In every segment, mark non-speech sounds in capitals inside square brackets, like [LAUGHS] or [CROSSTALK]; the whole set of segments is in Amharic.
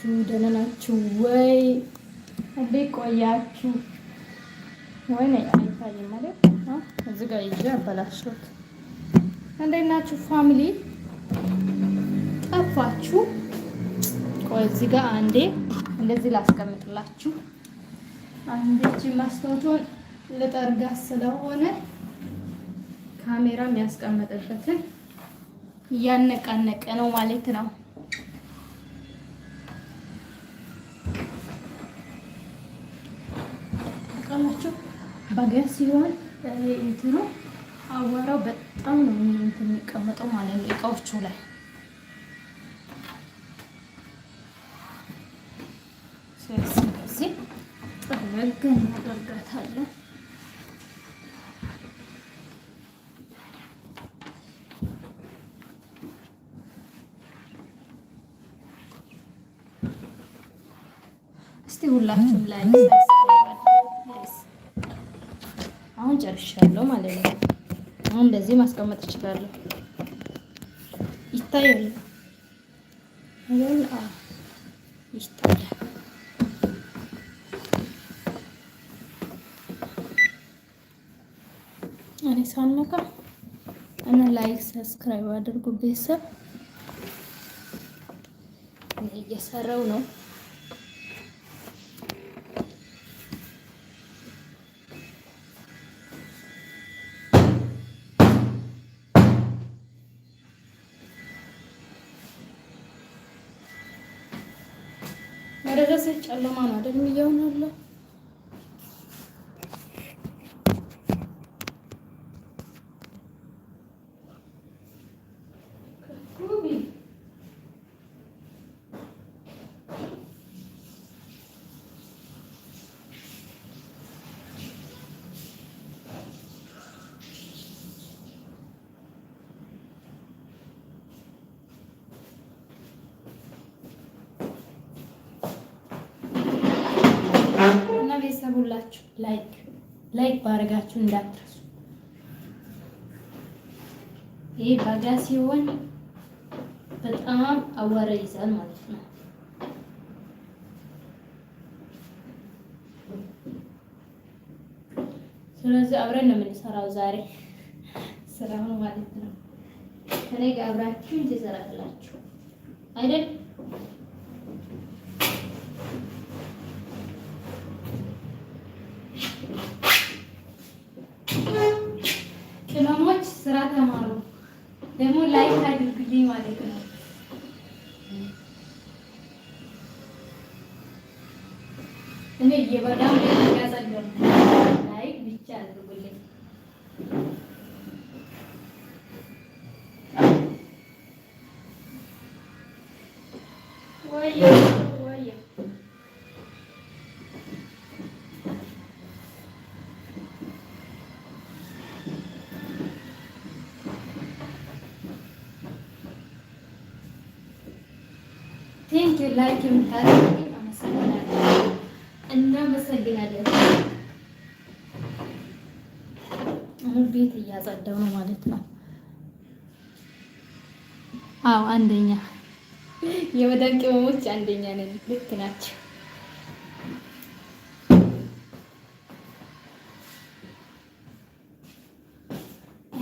ናችሁ? ደህና ናችሁ ወይ? እንዴት ቆያችሁ? ወይኔ አይታይም አይደል? እዚህ ጋር ይዤ አበላሽሁት። እንዴት ናችሁ ፋሚሊ? ጠፋችሁ። ቆይ እዚህ ጋር አንዴ እንደዚህ ላስቀምጥላችሁ። አንዴ መስታወቱን ልጠርጋ ስለሆነ ካሜራ የሚያስቀምጥበትን እያነቃነቀ ነው ማለት ነው። ታውቃላችሁ። በገዝ ሲሆን እንትኑ አዋራው በጣም ነው እንትን የሚቀመጠው ማለት ነው እቃዎቹ ላይ ስለዚህ ጥረግ እናደርጋታለን። እስቲ ሁላችሁም ላይ አለው ማለት ነው። አሁን በዚህ ማስቀመጥ እችላለሁ። ይታያል ይታያል። እኔ ሳነካ እና ላይክ ሰብስክራይብ አድርጉ ቤተሰብ እየሰራው ነው። ጨለማ ነው አይደል? እየሆናለሁ ካላችሁ ላይክ ላይክ ባረጋችሁ እንዳትረሱ። ይህ ባጋ ሲሆን በጣም አዋራ ይዛል ማለት ነው። ስለዚህ አብረን ነው የምንሰራው ዛሬ [LAUGHS] ስራውን ማለት ነው። ከኔ ጋር አብራችሁ እንዲሰራላችሁ አይደል? ደግሞ ላይክ አድርግልኝ ማለት ነው። እኔ እየበላሁ ያጸደው ላይክ ብቻ አድርጉልኝ። ወይ ላይክ የምታደርጉ አመሰግናለሁ። እናመሰግናለን። አሁን ቤት እያጸዳው ነው ማለት ነው። አዎ አንደኛ የመዳን ቅመሞች አንደኛ ነን። ልክ ናቸው።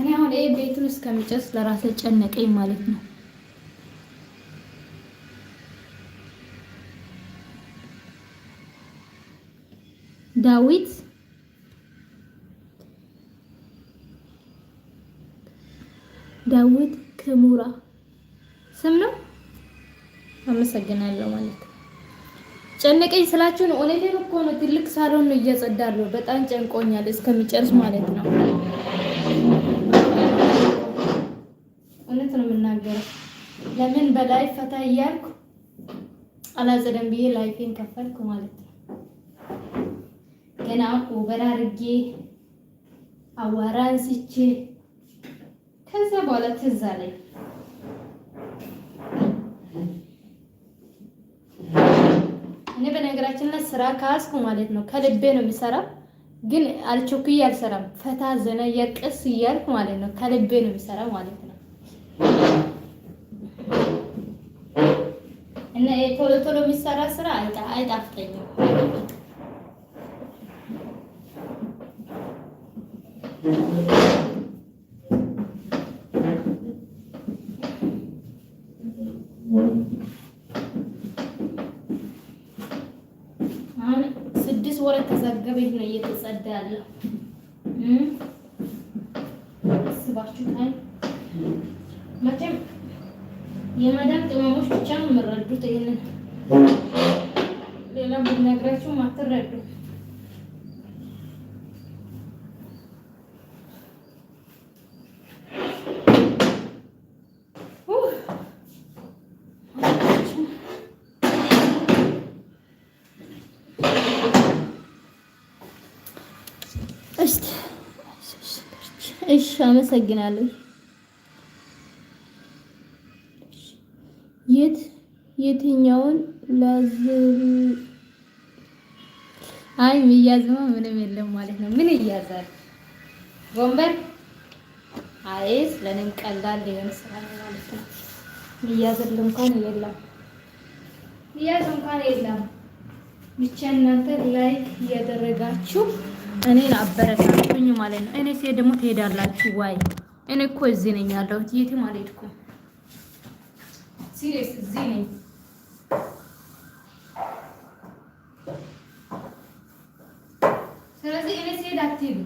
እኔ አሁን ይሄ ቤቱን እስከሚጨርስ ለራሴ ጨነቀኝ ማለት ነው። ዳዊት ዳዊት ክሙራ ስም ነው። አመሰግናለሁ ማለት ነው። ጨነቀኝ ስላችሁን ነው። እውነቴን እኮ ነው። ትልቅ ሳሎን ነው እያጸዳለሁ። በጣም ጨንቆኛል እስከሚጨርስ ማለት ነው። እውነት ነው የምናገረው። ለምን በላይ ፈታ እያልኩ አላጸደም ብዬ ላይፌን ከፈልኩ ማለት ነው። ገና ኦቨር አድርጌ አዋራ አንስቼ ከዛ በኋላ ትዝ አለኝ እኔ በነገራችን ላይ ስራ ካስኩ ማለት ነው ከልቤ ነው የምሰራ ግን አልቾክዬ አልሰራም። ፈታ ዘና የቅስ እያልኩ ማለት ነው ከልቤ ነው የሚሰራ ማለት ነው። እና ቶሎ ቶሎ የሚሰራ ስራ አይጣፍጠኝም። видно አመሰግናለሁ። የት የትኛውን ላዝብ? አይ የሚያዝማ ምንም የለም ማለት ነው። ምን ይያዛል? ወንበር አይስ ስለኔም ቀላል ሊሆን ይችላል ማለት ነው። የሚያዝል እንኳን የለም፣ የሚያዝ እንኳን የለም። ብቻ እናንተ ላይክ እያደረጋችሁ እኔን አበረታችሁ አትሉኝ ማለት ነው። እኔ ሲሄድ ደግሞ ትሄዳላችሁ ዋይ እኔ እኮ እዚህ ነኝ ያለሁት የትም አልሄድኩም። ሲሪየስ እዚህ ነኝ። ስለዚህ እኔ ሲሄድ አትሄዱ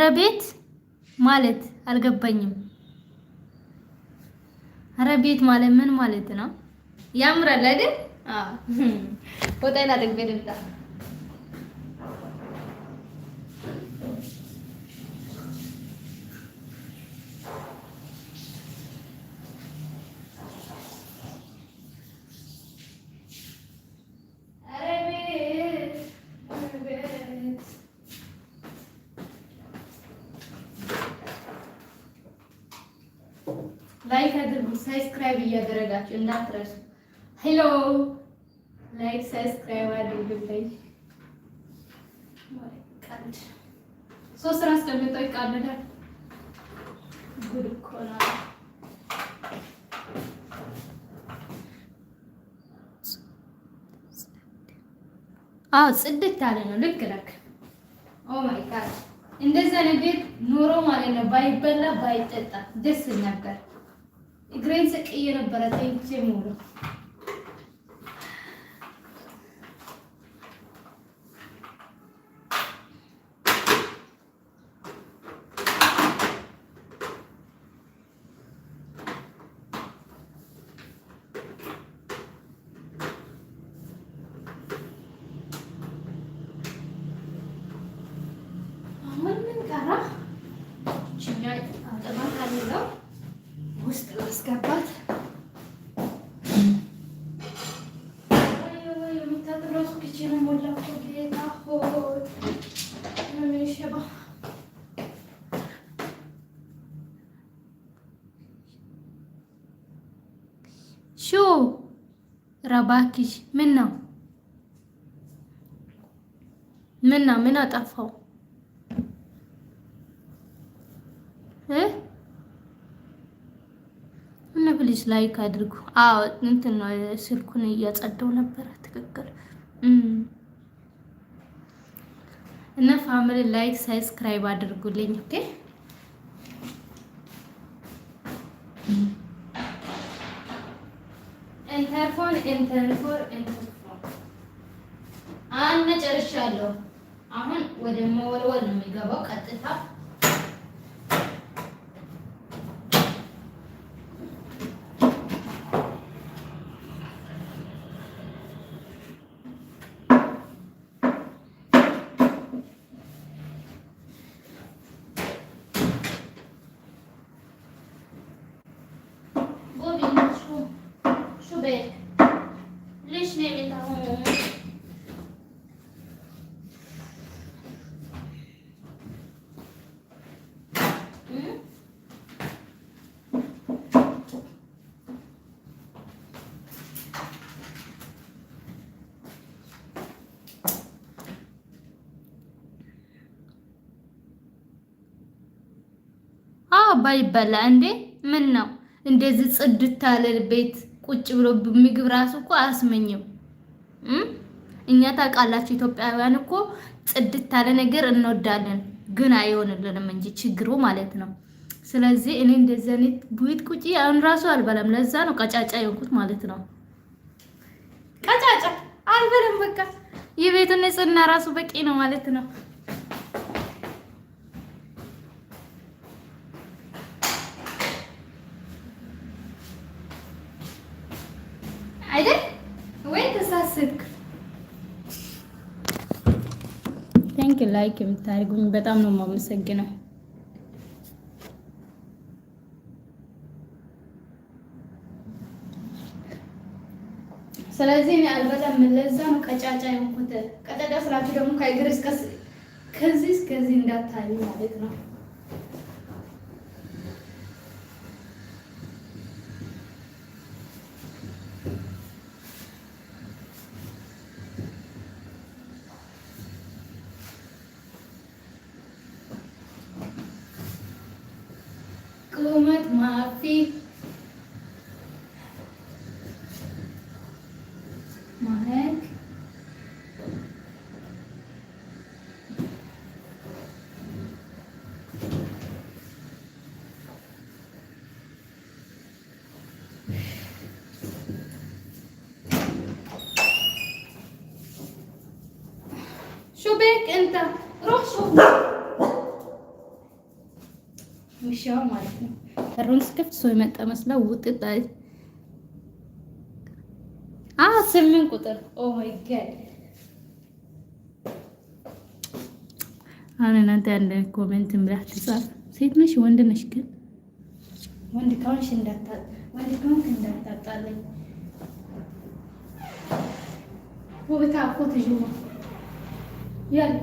ረቤት ማለት አልገባኝም። ረቤት ማለት ምን ማለት ነው? ያምራል አይደል? አዎ ወጣይና [LAUGHS] ላይክ አድርጉ፣ ሰብስክራይብ እያደረጋችሁ እንዳትረሱ። ሄሎ ላይክ ሰብስክራይብ አድርጉልኝ። ቀልድ ሶስት ስራ አስደምጦ ይቃልዳል። ጉድ እኮ ነው። አዎ ጽድት ያለ ነው። ልክ ነህ። ኦ ማይ ጋድ አይነት ቤት ኖሮ ማለት ነው። ባይበላ ባይጠጣ ደስ ነበር። እግሬን ሰቅዬ ነበረ ተኝቼ ሙሉ ሸባ ሹ ረባኪሽ ምን ነው? ምን ነው? ምን አጠፋው? እነ ፕሊዝ ላይክ አድርጉ። አዎ እንትን ነው ስልኩን እያጸደው ነበረ። ትክክል እና ፋሚሊ ላይክ ሳብስክራይብ አድርጉልኝ። ኦኬ ኢንተርፎን ኢንተርፎን ኢንተርፎን አሁን ጨርሻለሁ። አሁን ወደ መወልወል ነው የሚገባው ቀጥታ ባይበላ እንዴ? ምን ነው እንደዚህ ጽድት ያለ ቤት ቁጭ ብሎ ምግብ ራሱ እኮ አያስመኝም። እኛ ታውቃላችሁ፣ ኢትዮጵያውያን እኮ ጽድት ያለ ነገር እንወዳለን፣ ግን አይሆንልንም እንጂ ችግሩ ማለት ነው። ስለዚህ እኔ እንደዚህ አይነት ቡይት ቁጭ አሁን ራሱ አልበላም። ለዛ ነው ቀጫጫ የሆንኩት ማለት ነው። ቀጫጫ አልበላም። በቃ የቤቱን ንጽህና ራሱ በቂ ነው ማለት ነው። ላይክ የምታደርጉኝ በጣም ነው የማመሰግነው። ስለዚህ እኔ አልበላም። ለዛ ነው ቀጫጫ የሆንኩት። ቀጫጫ ስላችሁ ደግሞ ከእግር እስከ ከዚህ እስከዚህ እንዳታዩ ማለት ነው። بك انت روح شوف مشيዋ ማለት ነው። በሩን ስከፍት ሰው የመጣ መስለው ውጥጥ አ ስምንት ቁጥር ኦ ማይ ጋድ አሁን እናንተ አንድ ኮሜንት ምራህ ትጻፍ። ሴት ነሽ ወንድ ነሽ ግን ወንድ ከሆንሽ እንዳታ ወንድ ከሆንክ እንዳታጣለኝ ውብታ እኮ ትዥማ 愿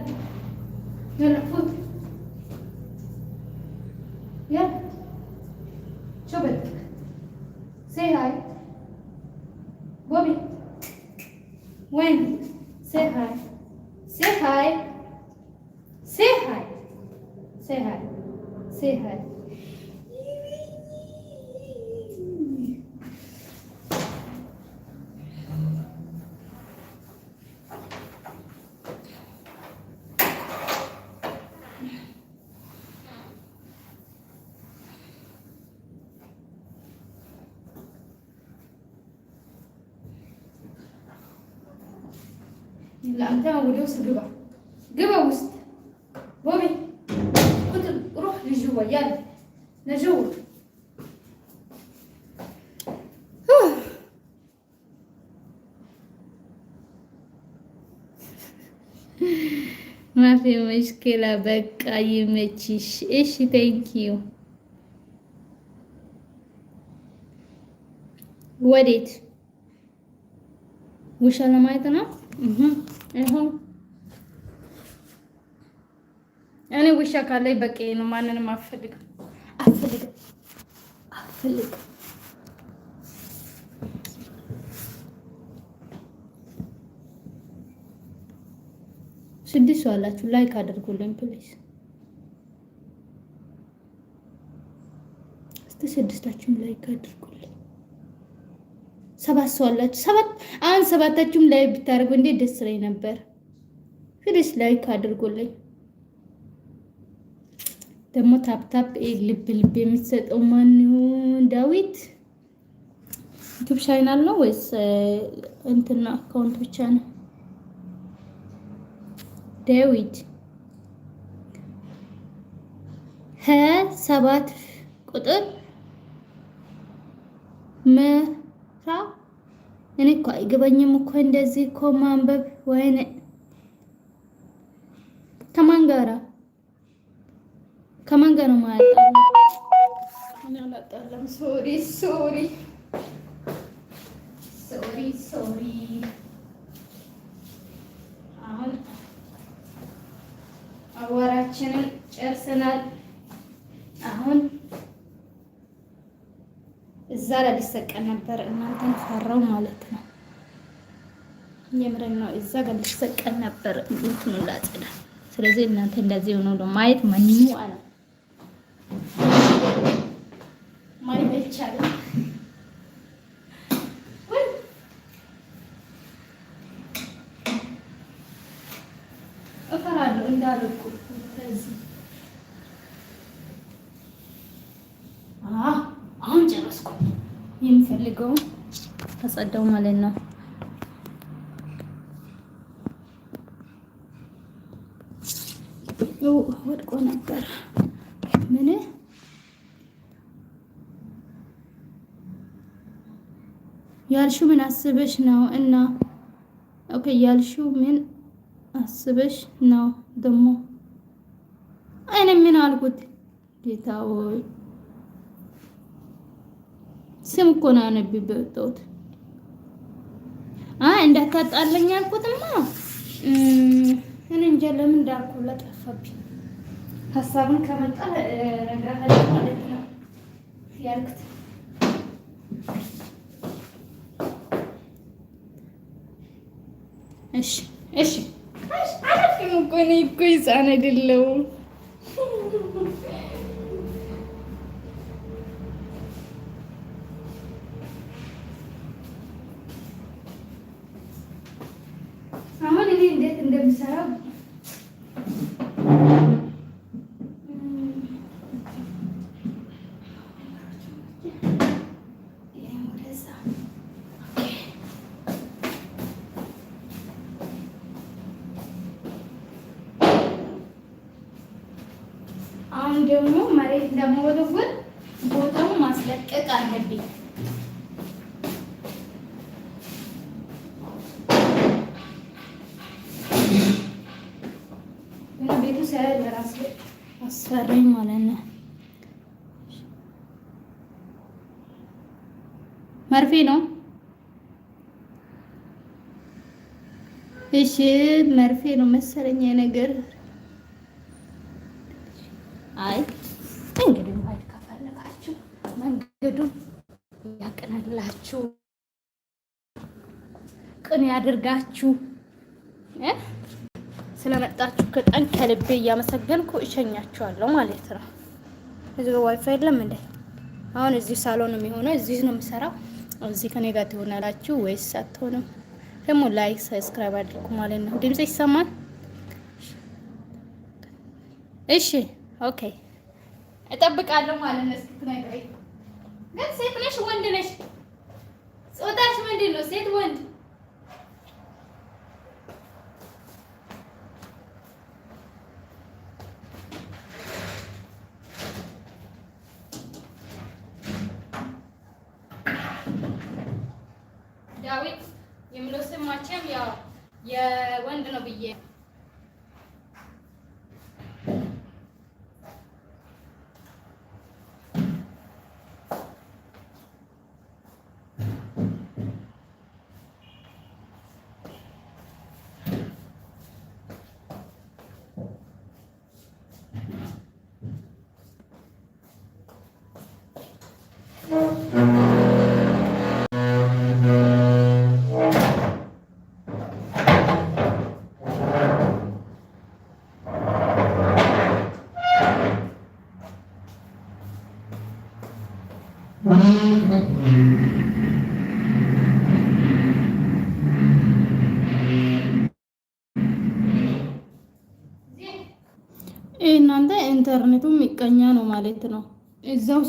لا انت ما قولي وسط قبا قبا وسط بومي كنت روح لجوا يلا نجوا ما في مشكلة بقى يمتشيش ايش تانكيو وديت وش انا ما يتنا 嗯哼。Mm እኔ ውሻ ካለኝ በቂ ነው። ማንንም አፈልግም አልፈልግም አልፈልግም። ስድስት ሰው አላችሁ፣ ላይክ አድርጉልኝ ፕሊዝ። እስቲ ስድስታችሁም ላይክ አድርጉ። ሰባት ሰው አላችሁ። ሰባት አሁን ሰባታችሁም ላይ ብታደርጉ እንዴ ደስ ላይ ነበር። ፊልስ ላይ ካድርጎልኝ ደግሞ ታፕታፕ ልብ ልብ የምትሰጠው ማን ይሁን? ዳዊት ዩቱብ ቻናል ነው ወይስ እንትና አካውንት ብቻ ነው? ዳዊት ሀ ሰባት ቁጥር ምራ እኔ እኮ አይገባኝም እኮ እንደዚህ እኮ ማንበብ። ወይኔ ከማን ጋራ ከማን ጋር ነው ማለት አላጣለም። ሶሪ ሶሪ ሶሪ ሶሪ። አሁን አዋራችንን ጨርሰናል። አሁን እዛ ላይ ሊሰቀል ነበር። እናንተን ፈራው ማለት ነው። የምረን ነው። እዛ ጋር ሊሰቀል ነበር እንትኑ ላጽዳ። ስለዚህ እናንተ እንደዚህ ሆኖ ማየት መኑ አላ የሚፈልገውን አጸዳው ማለት ነው። ወድቆ ነበር። ምን ያልሺው ምን አስበሽ ነው? እና ኦኬ ያልሺው ምን አስበሽ ነው? ደግሞ እኔ ምን አልኩት ጌታዬ ስም እኮ ነው ያነብብ የወጣሁት። አይ እንዳታጣለኝ ያልኩትማ እኔ እንጃ ለምን እንዳልኩ ለጠፋብኝ ሀሳቡን ከመጣ እነግርሃለሁ ማለት ነው ያልኩት። እሺ እሺ፣ አላውቅም እኮ እኔ እኮ ይዛን አይደለሁም ደግሞ መሬት እንደመወለወል ቦታው ማስለቀቅ አለብኝ። ቤቱ ሳያይ ማለት ነው። መርፌ ነው። እሺ መርፌ ነው መሰለኝ ነገር አይ እንግዲህ መሄድ ከፈለጋችሁ መንገዱን ያቅናላችሁ፣ ቅን ያድርጋችሁ። ስለመጣችሁ ከቀን ከልቤ እያመሰገንኩ እሸኛችኋለሁ ማለት ነው። እዚህ ዋይፋይ የለም እንዴ? አሁን እዚህ ሳሎን የሚሆነው እዚህ ነው የምሰራው። እዚህ ከኔ ጋር ትሆናላችሁ ወይስ አትሆንም? ደግሞ ላይክ ሰብስክራይብ አድርጉ ማለት ነው። ድምጽ ይሰማል? እሺ ኦኬ እጠብቃለሁ ማለት ነው። እስክትነግረኝ ግን ሴት ነሽ ወንድ ነሽ? ጾታሽ ምንድን ነው? ሴት ወንድ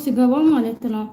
ስገባ ማለት ነው።